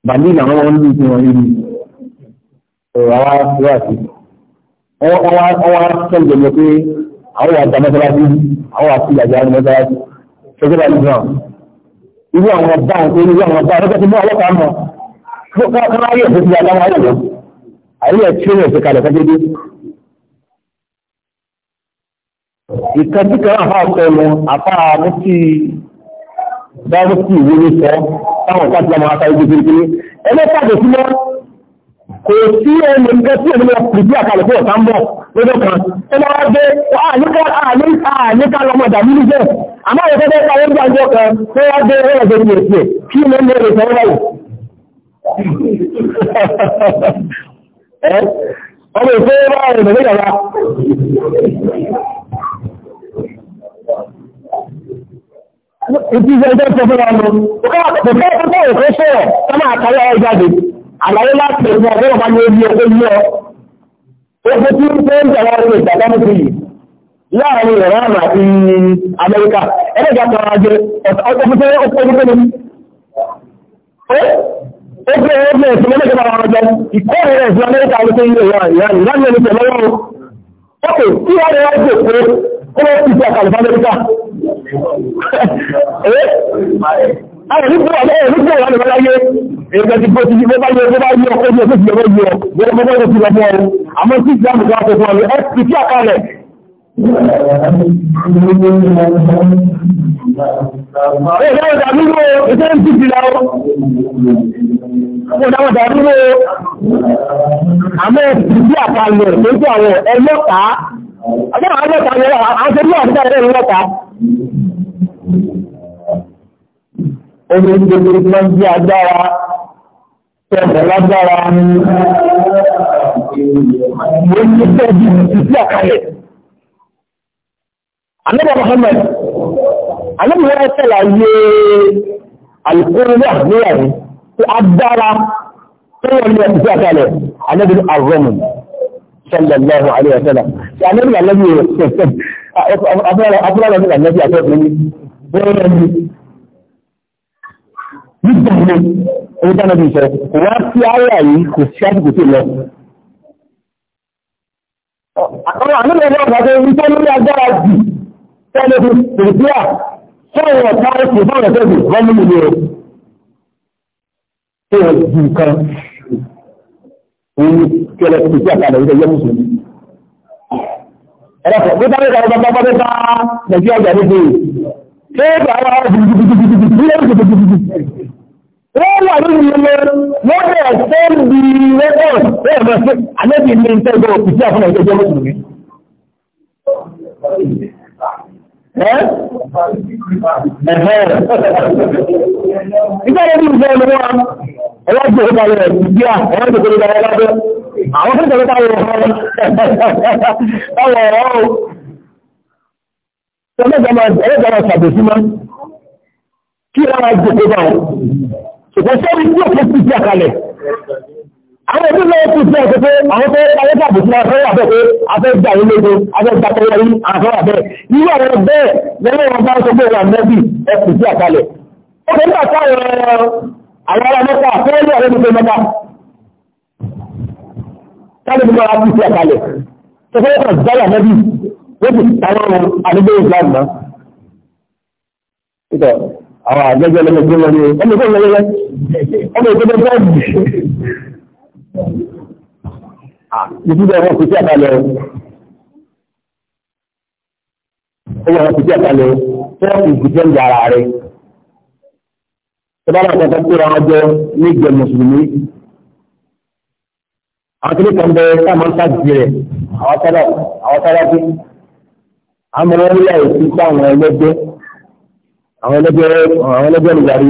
Bàmí ìlànà wọn ń lù sí wọn yìí. Ọ̀rọ̀ àwa wá sí. Wọ́n wá sọ̀rọ̀ jẹ́ pé àwọn àgbà mọ́sálásí àwọn àti ìyàgbé àwọn mọ́sálásí. Ṣé irú àwọn ọba àwọn irú àwọn ọba ọlọ́pàá ti mú ọlọ́pàá mọ̀ kọ́kọ́ ayé ẹ̀fọ́ ti yàgbá wọn lọ ayé ẹ̀tí rẹ̀ ti kalẹ̀ kọ́kọ́ dé. ìkẹ́jú kan àfa ọ̀sẹ̀nu àfa àmúti dáhùn sí ìwé ní sọ táwọn ọ̀pá ti lọ́mọ kò sí ẹni nǹkan tí ènìyàn pìtì àkàlẹ̀ fún ọ̀tá ń bọ̀ lọ́jọ́ kan tó bá wá dé àníkà lọ́mọ ìdàbí ní jẹ́ àmọ́ àwọn ọ̀tọ́ bẹ́ẹ̀ káwọn gbàgbọ́ kan tó wá dé ẹ̀rọ ìgbẹ́ ìgbẹ́ ìgbẹ́ kí ló ń lè rè sọ́wọ́ báyìí. ọmọ ìfẹ́ bá rẹ̀ lọ́wọ́ yàrá. ìtìsẹ̀ ìjọ́ sọ fún wa lọ. òkè àkọ́kọ́ ìfẹ́ sọ̀rọ̀ sọ́mà àkàlẹ̀ àlàyé láti ẹ̀gbọ́n ọ̀gbọ́n bá ní orí ẹgbẹ́ yí ọ. ó fi tí ó ń tẹ̀lé ọ̀rọ̀ ìgbàdánù sí yìí láàrin Iran àti Amẹ́ríkà ẹgbẹ́gbà tọrọ ajé ọ̀pọ̀pọ̀pọ̀ ọ̀pọ̀pọ̀pọ̀ ó gbé ẹgbẹ́ ẹ̀sìn lọ́lẹ́gbẹ́ bá wọn jẹ ìkórè rẹ̀ sí Amẹ́ríkà ló ń lè wà ìyá ìyá ìyá ìyá ìyá ìyá Ok, tí wọ́n rẹ̀ wájú òkú ó lọ́ sí ìjà Kàlífà Amẹ́ríkà àwọn onígbò àwọn onígbò wà lè àwọn ẹlọ́pàá. Àwọn àwọn ọlọ́pàá omi gbogbo tí wọ́n jí agbára tẹ̀lẹ̀ lágbára ní mo ń tẹ́ bí i sí àkàlẹ̀. Ànábì Muhammad, Ànábì wọ́n tẹ̀lá yé alùpùpù àgbéyà ní tí agbára tó wọ́n ní ẹ̀sì sí àkàlẹ̀ Ànábì Arọ́mù sallallahu alaihi wa sallam. Ànábì Ànábì rẹ̀ Afúnra lọ́dún Ànábì àtọ́kùnrin bẹ́ẹ̀ ni nígbà ní orí bí sọ wá sí ara yìí kò sí àsìkò tó lọ. àwọn àmì ìlú ọ̀gá tó ń tẹ́ lórí agbára jù tẹ́lẹ̀ fún nàìjíríà sọ̀rọ̀ ọ̀tá ẹ̀sìn fún ọ̀rẹ́ tẹ́lẹ̀ wọ́n mú mi lọ. ṣé o jù kan òun kẹlẹ̀ kò sí àkàlẹ̀ ìdẹ́ yẹ́ mùsùlùmí. ẹ̀rọ kò tó dáná ìkàwé bàbá bàbá bá nàìjíríà jà wọ́n wà nínú ilé wọ́n bẹ̀rẹ̀ sẹ́ndì rẹ́kọ̀d bẹ́ẹ̀ mọ̀ sí alẹ́bí ní ìtẹ́gbọ́ òkùtì àfúnà ìjọba mùsùlùmí. Ìgbàlódé ìfẹ́ ni wọ́n ọwọ́ jẹ́ òkúta rẹ̀ ìgbíà ọwọ́ jẹ́ òkúta rẹ̀ lábẹ́. Àwọn tó tẹ̀lé táwọn ọ̀rọ̀ táwọn ọ̀rọ̀ o. Ṣé ẹgbẹ́ ìjọba ṣàbòsí mọ́? Kí wọ́n máa jẹ́ òkúta rẹ̀? ìgbésẹ́ni tí yóò fi sí àkàlẹ̀. Àwọn ẹbí lọ́wọ́ fún sí ọ̀sẹ̀ pé àwọn tó ayé tàbí sí afẹ́ wà bẹ́ẹ̀ pé afẹ́ gba ilé ìgbé, afẹ́ gba tọ́wọ́ ayé afẹ́ wà bẹ́ẹ̀. Irú àwọn bẹ́ẹ̀ lẹ́yìn wọn bá ń sọ pé wà nẹ́bì ẹ kù sí àkàlẹ̀. Ó ti ń bà ká àwọn ará mẹ́ta fẹ́ẹ́ lé ọ̀rẹ́ nípa mẹ́ta. Káàdì mi máa kù sí àkàlẹ̀. Ṣọfẹ́ yóò kàn dáyà nẹ́bì ló ti tàwọn àdúgbò ìsìlámù náà àwọn àgbẹ́jọ́ lọ́mọ gbé ní ọmọ ìgbẹ́ wọn tó bá wọn ní ìjọ mùsùlùmí àwọn tó kan bẹ táwọn ká rẹ̀ àwọn sábà àwọn sábà kí àwọn ọmọ wọn ní àwọn ẹlẹ́gbẹ́ àwọn ẹlẹ́gbẹ́ nìyàrí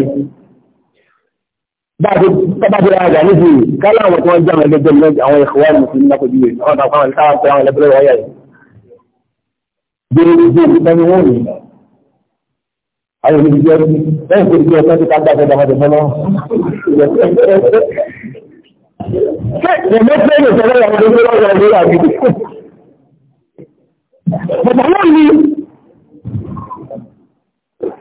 bábàbí ra àgbà níbi kálá àwọn tí wọ́n jẹ́ àwọn ẹlẹ́gbẹ́ mẹ́jọ àwọn ìkọwà mùsùlùmí lápòjú rẹ̀ àwọn àpá àwọn ìkáwà pé àwọn ẹlẹ́gbẹ́ wọ́yà yìí gbèrè gbé ìtẹ́ni wọ́n rí àwọn olùdíjẹ́ lẹ́yìn tó díjẹ́ ọ̀sán ti ká gbàgbé dàmọ́dé mọ́nà Bàbá náà ni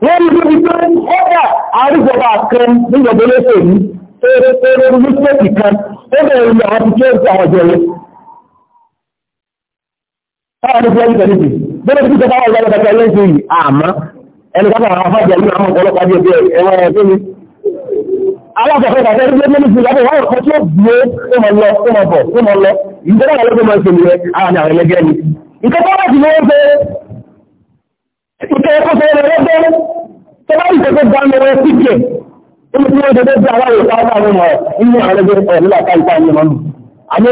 wọ́n rí lórí pé ọ́dà àríjọba kan níjọba olóṣèlú eré orílẹ̀-èdè kan ó bẹ̀rẹ̀ ilẹ̀ àwọn ti tó ń àwọn ìjọba Báwọn ní Fúlẹ́ńtì Tẹ̀lifì, bẹ́ẹ̀ tí ìjọba wà lọ́wọ́ kẹta lẹ́sìn yìí, àmọ́ ẹni kápá àwọn afájẹ ní àwọn ọ̀pọ̀lọpọ̀ adé ẹgbẹ́ ẹ̀wọ̀n ẹ̀wọ̀n tó ní. Alákọ̀ọ́kọ́ ìgbà tẹ́lifí lé mímú ìgbà wọn kọ́ tí ó gbé ó mọ̀ lọ ó mọ̀ bọ̀ ó mọ̀ lọ. Ìjọba wà lọ́wọ́ máa ń ṣe nìyẹn, àwọn àwọn ẹlẹgẹ́ ni. Ìkọ́kọ́ láti lọ́wọ́ ìkẹ́ ẹ̀kọ́ sọ̀rọ̀ lọ́dọ́ tó bá ń tẹ́kọ̀ bá lọ́wọ́ síkẹ̀ ó ní wọ́n tẹ́kọ̀ bá wà lọ́wọ́ àwọn ọmọ inú àwọn ẹgbẹ́ ọ̀rọ̀ nílà ká ìta ìyẹn mọ́nù àmọ́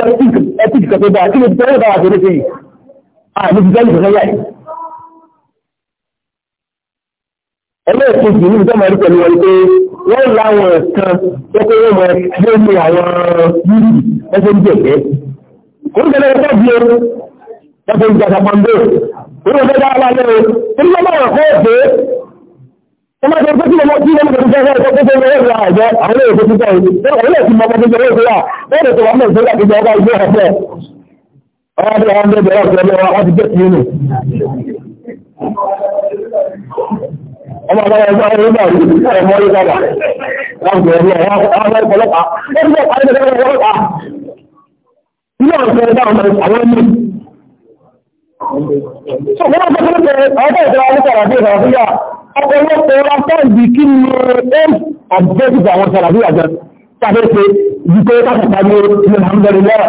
ẹtíkì kẹ́kẹ́ bá kí ni tí wọ́n bá wà tẹ́lẹ̀ sẹ́yìn àmì ti jẹ́ ìfẹ́ yáyì. ẹlẹ́ẹ̀kejì ní ìjọba ẹ̀rí pẹ̀lú wọn pé wọ́n láwọn ẹ̀kan tó pé wọ́n mọ ẹgbẹ́ ní àwọn yúrì ẹgbẹ́ ní jẹ̀kẹ́ lọ́pọ̀ ìjàdà pàndé orí ọjọ́ dára lálẹ́ o torí lọ́mọ ọ̀rọ̀ kọ́ ọ̀pẹ́ ó máa tẹ́lẹ̀ pẹ́kí lọ́mọ tí lọ́mọ tó fẹ́ ọ̀pẹ́ tó fẹ́ ọ̀rọ̀ àjọ àwọn èrò tó fẹ́ ọ̀rọ̀ tí mọ́ ọmọdé jẹ́rẹ́ ìfẹ́yà ó rẹ̀ tó wà mọ̀ ìfẹ́yà tó jẹ́ ọba ìgbé ọ̀pẹ́ ọ̀rọ̀ àwọn ọmọdé jẹ́rẹ́ ọ̀pẹ́ ọ̀rọ̀ láti jẹ́ sí inú ọmọ àgbàrá ẹgbẹ́ ọmọ ìgbà rí ọmọ ìgbà rà láti ẹgbẹ́ ọmọ ìpọlọpàá ẹgbẹ́ ọmọ ìpọlọpàá ilé ọ̀sẹ̀ ẹgbẹ́ ọmọ ìpọlọpàá Ṣọ̀gbọ́n tó kúrò pé ọjọ́ ìjọba ní Sàràbí Sàràbíyà, ọ̀pọ̀lọpọ̀ ọlọ́pọ̀ ìdí kí ni aim objective àwọn Sàràbíyà jẹ tàbí pé ìdíkọ́ kàkàtà ní alhamdulillah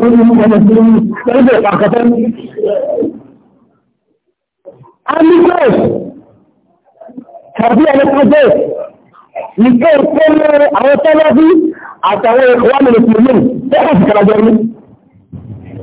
orí mú ẹni tí ní lórí ìpàkàtà. Amigos, tàbí ẹni pàdé, ìgbẹ́ ìpẹ́lẹ̀ àwọn tẹ́lẹ́bí àtàwọn ìwà mìíràn tẹ́lẹ̀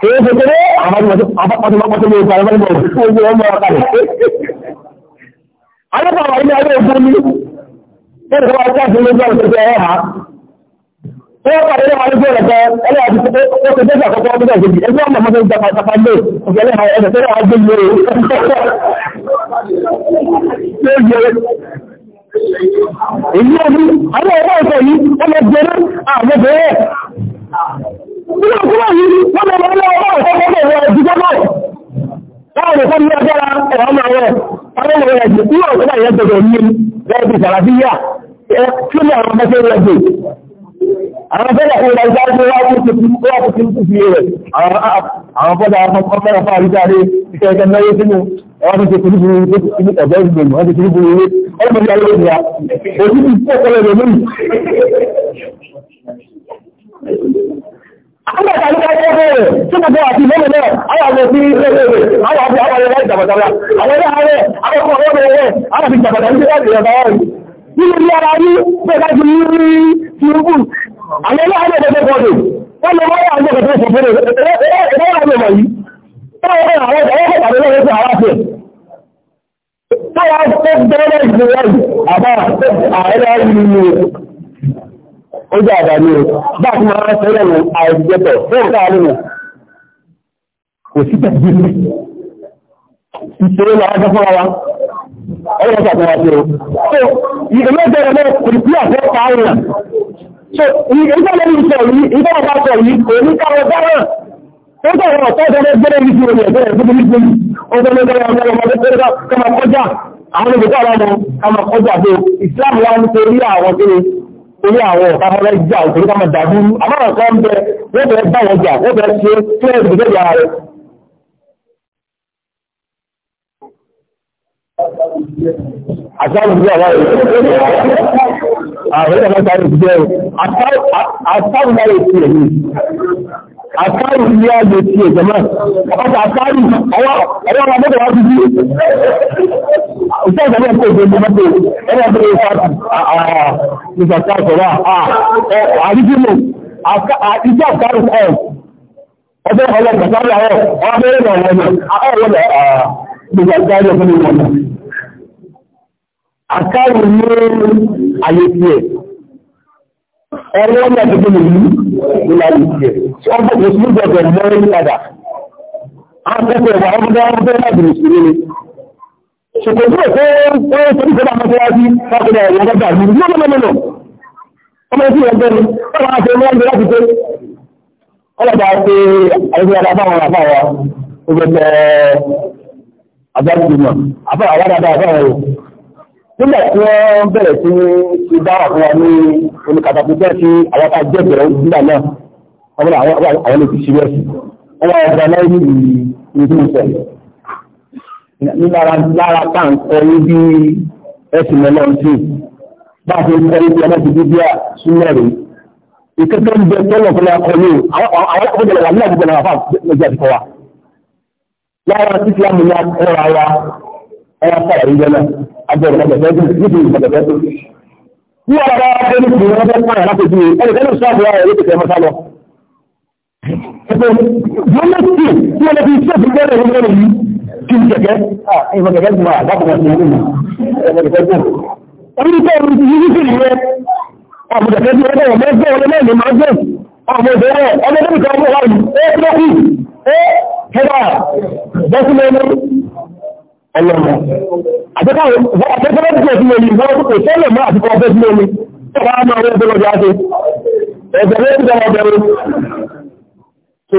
kìí ṣe pé àwọn ọmọdé ọmọdé ọmọdé ọmọdé ọmọ ọ̀kadà. Alẹ́kọ̀ọ́ àwọn ilé ayé ògbó ní ẹ̀rọ wa káàkiri lójú ọ̀sẹ̀ ti ẹ̀rọ ha. Ó wọ́n pàdé wọn lójú ọ̀rẹ̀ kan ẹlẹ́yà ti ṣe ó ti dẹ́sẹ̀ àkọ́kọ́ ọdún ẹ̀jẹ̀ bíi ẹgbẹ́ ọmọ ọmọdé ìjà pàtàkì lé ọ̀gẹ̀ ẹlẹ́yà ẹ̀sẹ̀ tẹ́lẹ̀ wá gbé lé o. Èyí ọdún, àwọn ọ̀rọ̀ ọ̀sẹ̀ yìí, ọmọ Nínú ìgbìmọ̀ yìí, wọ́n bẹ̀rẹ̀ lọ́wọ́ ọ̀pọ̀lọpọ̀ ẹ̀rọ ìdíjọ́ náà. Láàrín ìfọ́n ní agbára ẹ̀rọ máa rẹ̀, ọ̀rọ̀ ìrìn ẹ̀jẹ̀ tí wọ́n gbọ́dọ̀ yẹn gbọ́dọ̀ ní lẹ́ẹ̀dì sàràfíyà. Kí ni àwọn ọmọ fẹ́ rẹ̀ Àwọn ọ̀tà nípa ẹgbẹ́ bẹ̀rẹ̀ tí mo bọ́ àti ìlẹ́nu náà, àwọn àmì òfin rẹ̀rẹ̀, àwọn àbí àwọn ẹ̀rọ ìjàbàtàrà, àwọn ẹ̀rọ ààrẹ, àwọn ọmọ ọmọ ẹ̀rẹ́, àwọn àbí ìjàbàtà ní ìwádìí ìjọba wọn. Nínú ilé ara ní pẹ̀lú àti ní Tinubu, àwọn ẹ̀rọ ààrẹ ẹ̀dẹ̀ bọ́dù, wọ́n lọ wáyà àwọn ọ̀gẹ̀dẹ̀ ìṣẹ̀fẹ̀rẹ̀ ẹ̀rọ ààrẹ mọ̀ yìí. Táwọn ọ̀rẹ́ àwọn ọ̀gẹ̀dẹ̀ ìṣẹ̀fẹ̀rẹ̀ àwọn àti Táwọn ọ̀gẹ̀dẹ̀ ìṣẹ̀fẹ̀rẹ̀ àbá ààrẹ ó jẹ́ àdàmì o bá ti máa sẹ́lẹ̀ ní àìsíjẹ́tọ̀ fún ọ̀gá nínú kò sí tẹ̀sí ìṣòro làwọn sọ fún wa ọ̀rọ̀ ọ̀sà tó wá sí o so ìgbà mẹ́ta ẹ̀rọ náà kò sí àfẹ́ pààyàn so ìgbà mẹ́ta lórí ìṣọ̀ yìí ìgbà mẹ́ta sọ yìí kò ní káwọ́ dáhùn ó sọ̀rọ̀ ọ̀tọ́ ìdájọ́ gbẹ́rẹ́ ní ti rẹ̀ bẹ́ẹ̀ tó bí gbẹ́rẹ́ ọdún lọ́gbẹ́rẹ́ ọmọ ọmọdé pẹ́rẹ́ kọmọ kọjá àwọn olùkọ́ àwọn ọmọ kọjá tó ìsìlámù wa nítorí àwọn tó orí àwọn ọ̀tá mọ́lá jà òkúrú ká máa dàbí àmọ́ràn kan bẹ wọ́n bẹ̀rẹ̀ bá wọn jà wọ́n bẹ̀rẹ̀ ṣe tí wọ́n ti gbẹ́jà rẹ̀. àtàwọn ìdílé àwọn ìdílé àwọn ìdílé àwọn ìdílé àwọn ìdílé àwọn ìdílé àkárì ní àgbè tí ẹ̀jẹ̀ náà ọ̀pọ̀ta àkárì ọwọ́ ọmọ mọ́tò wá ti bí ìṣẹ́ ìjọba ẹ̀kọ́ ìjọba mọ́tò ẹ̀rọ ọdún ìwé fàtì nípa káàkọ̀ọ́ àríkìmọ̀ ìjọ àkárì ọ̀ ọjọ́ ọlọ́pàá sáré àwọ̀ ọ̀bẹ̀rẹ̀ náà wọ́n náà àkárì ní àyè tiẹ̀ ọ̀rọ̀ ọ̀nà tó gbé lèyí ìlànà ìjẹ́ ọgbọ̀n mùsùlùmí gbọdọ̀ mọ́ ní padà akẹ́kọ̀ọ́ wà ọgbọ̀n ọgbọ̀n láti mùsùlùmí ni ṣùgbọ́n tó ṣe ó ń tó ń tó bá mọ́ síwájú fákúrẹ́ ẹ̀yọ́ gbọ́dọ̀ àmì ní ọmọ mẹ́lẹ̀ ọmọ sí ẹgbẹ́ ni ọmọ àti ọmọ ẹgbẹ́ láti pé ọlọ́dà ṣe àìsí àdáfáwọn àfáwà ó gbẹ̀ẹ́ àbájúmọ̀ àfáwà wádàá àfáwà nígbà tí wọ́n bẹ̀rẹ̀ sí ti dára fún wa ní olùkàtàkùn jẹ́ sí àwọn tá a jẹ́ bẹ̀rẹ̀ nígbà náà ọmọdé àwọn lè fi ṣíwẹ́ sí ọwọ́ ọgbà náà ní ìlú ìfẹ́ ní lára lára tá à ń kọ ní bí ẹ̀sìn mẹ́lọ́ sí bá a ti ń kọ́ ní bí ọmọ ti bí bíà súnmọ́ rẹ̀ ìkẹ́kẹ́ ń bẹ tọ́lọ̀ fún akọ ní àwọn ọkọ̀ jẹ̀rẹ̀ wà ní àdúgbò náà fà ọwọ́ sára yíyá náà agbọ̀rọ̀ mọ̀tẹ̀fẹ́tù níbi mọ̀tẹ̀fẹ́tù. Bí wọ́n bá wá bẹ́ẹ̀ ní wọ́n bẹ́ẹ̀ pààyàn láti bíi ẹnì kan ní ìṣáàbù wa ẹ̀rọ kẹ̀kẹ́ mọ́tà lọ. Ẹ̀sẹ̀ gọ́ọ̀mẹ̀tì tí wọ́n lọ fi ṣé ìfúnjẹ́ rẹ̀ wọ́n lọ yìí kí n kẹ̀kẹ́ ìmọ̀ kẹ̀kẹ́ ti máa dákùnrin sí ẹni ìmọ̀ kẹ̀kẹ́ tó. Orí tó ń fi yí sí ìyẹn àmọ̀tẹ̀fẹ́ tí wọ́n bẹ̀rẹ̀ mọ́gbẹ́ ọ̀rẹ́ náà ní máa gbẹ̀ àmọ̀tẹ̀ rẹ̀ ọmọdé nìkan wọ́n wà yìí ẹ̀ ọlọ́run àtẹ́kọ̀ọ́ àtẹ́kọ̀ọ́ tó ti lórí ìwọ́n tó kò sẹ́lẹ̀ mọ́ àti kọ́ bẹ́ẹ̀ lórí tó bá máa rẹ́ tó lọ́jọ́ àti ẹ̀jẹ̀ rẹ́ tó lọ́jọ́ rẹ́ tó tó ti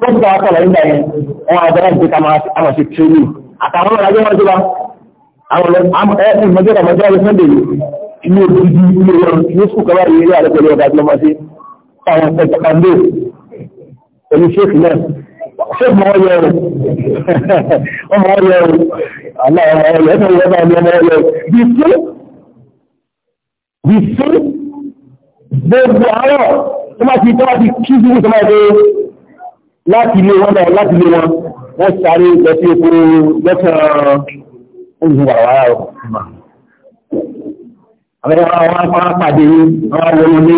kọ́ àkọlọ̀ nígbà yẹn wọn àgbẹ̀rẹ̀ ti ká máa ṣe tírénì àtàwọn ọ̀rọ̀ ajẹ́wọ́n ti bá àwọn ẹ̀ẹ́dì mọ́jọ́ mọ́jọ́ rẹ̀ sẹ́ndẹ̀ ilé òbí ilé wọn ní sùkú kọ́lá yìí rí àrẹ́pẹ̀lẹ́ ọ̀gá ọmọ ọyọ o ọmọ ọyọ o aláwọ̀ ọyọ ẹ̀mọ̀ ọyọ bá ní ọmọ ọyọ bìtú bìtú gbogbo àárọ̀ tó máa ti tó máa ti kí sí ìsọmọ ẹgbẹ́ láti ilé wọn náà láti ilé wọn wọ́n sáré lọ sí epo lọ́sàn-án oṣù wàràwàrà rọ̀ àwọn ọmọ wọn pàdé wọn wọlé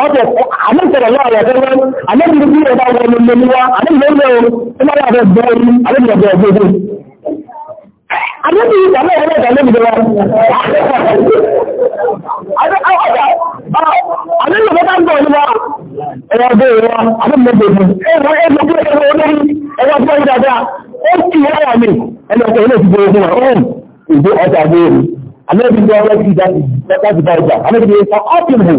ọ̀tọ̀ àmọ́sọ̀rọ̀ lọ́wọ́ ẹ̀fẹ́ wọn àmọ́sọ̀rọ̀ bí ẹ̀bá wọn ní lè níwá àmọ́sọ̀rọ̀ ẹ̀rọ tó máa yàtọ̀ bọ́ orí àmọ́sọ̀rọ̀ ẹ̀gbẹ́ ogun àmọ́sọ̀rọ̀ ìgbàmọ́ ẹ̀rọ ìgbàmọ́ ìgbàmọ́ ìgbàmọ́ ìgbàmọ́ ìgbàmọ́ ìgbàmọ́ ìgbàmọ́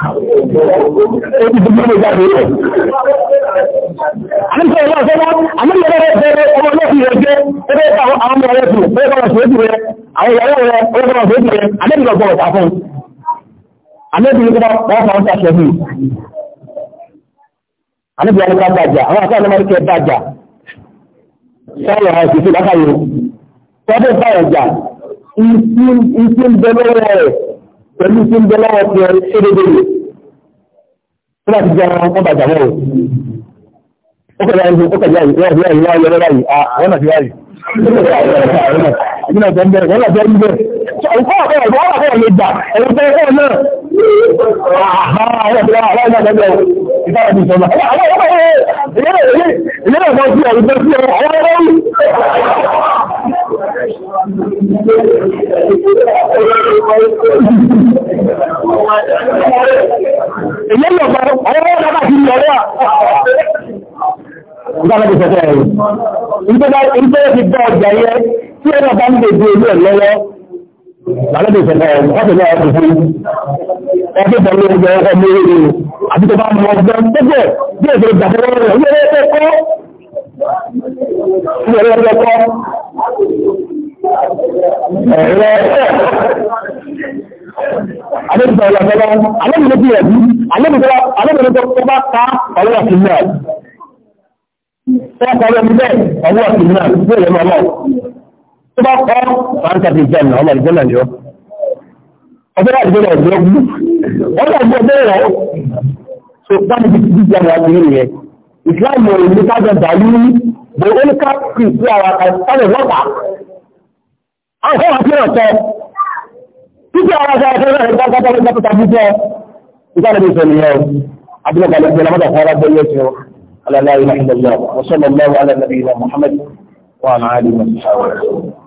Àníkọ̀ ìwọ̀n ọ̀sọ́wọ́, àmúlẹ̀ rẹ̀ bẹ̀rẹ̀ ọmọ lọ́pì rẹ̀ jẹ́ ẹgbẹ́ àwọn ọmọ rẹ̀ tù, ẹgbẹ́ ọmọ ṣe jù rẹ̀, àwọn ìyàwó rẹ̀, ẹgbẹ́ ọmọ ṣe jù rẹ̀, àmẹ́bìnrin ọgbọ̀rọ̀ tà fún. Àmẹ́bìnrin ọgbọ̀rọ̀ wọ́n fà ń tàṣẹ bí. Àmẹ́bìnrin ọgbọ̀rọ̀ bàjà, àwọn àkọ́ ọ̀nà mọ́ríkẹ́ bàjà. Sọ́ọ̀lọ̀ ọ̀sì sí lákàyò. Tọ́dún bá ọjà, ìsí ń bẹ lọ́wọ́ rẹ̀, pẹ̀lú tí ń bẹ lọ́wọ́ ti ẹ̀rí ṣédédé rẹ̀ tó bá ti jẹ́ wọn bàjá mọ́ o. ó kọjá ẹni ó kọjá yìí wọ́n fi wọ́n yọrọ báyìí àwọn náà fi wáyì. ìgbìnà ń bẹ̀rẹ̀ wọ́n náà fẹ́ ń bẹ̀rẹ̀. ọ̀pọ̀ ọ̀pọ̀ ọ̀pọ̀ ọ̀pọ̀ lè gbà ẹ̀rọ tó ń bọ̀ náà. àwọn ọ̀pọ̀ ọ̀pọ̀ ọ̀pọ̀ Èyí lọ bá ọwọ́ ọ̀dọ́gbà ti lọ wà. Ìgbàlẹ̀ ìṣẹ̀fẹ́ ẹ̀rù. Ìgbẹ́ ti bọ́ ọjà yẹ tí ẹ̀rọ bá ń gbèdé ìlú ẹ̀ lọ́wọ́. Ìgbàlẹ̀ ìṣẹ̀fẹ́ ẹ̀rù. Wọ́n ti lọ́wọ́ fún un. Ẹgbẹ́ ìbẹ̀rù ọjọ́ ọkọ̀ mú orí. Àbí tó bá mọ ọgbọ́n tó bẹ̀ bí èdè Ẹ̀rọ ẹ̀kọ́. Ẹ̀rọ Alébìtọ̀ ìlàfẹ́lá, alébìtọ̀ bí ẹ̀bí, alébìtọ̀ tó bá ká ọwọ́ àti ìlú àti. Wọ́n kọ́ lọ́mí bẹ́ẹ̀ ọwọ́ àti ìlú àti ìlú ẹ̀mọ́ ọmọ. Tó bá kọ́ fàáńtàbí jẹ́ ọmọ ìjọ́ náà yọ. Ọjọ́ láti gbé ọjọ́ ọgbú. Ọjọ́ àgbẹ̀ bẹ́ẹ̀ rọ̀. So, bá mi ti Islam ò ní kájọ dàlú bò ó ní káàkiri sí àwọn àkàtàlẹ̀ lọ́pàá. Àwọn fún àti ọ̀tọ̀ títí àwọn ọ̀tọ̀ ọ̀tọ̀ rẹ̀ bá kọ́kọ́ ní kápẹ́tà bí jẹ́ ìgbàlẹ̀ ìṣẹ̀ yẹn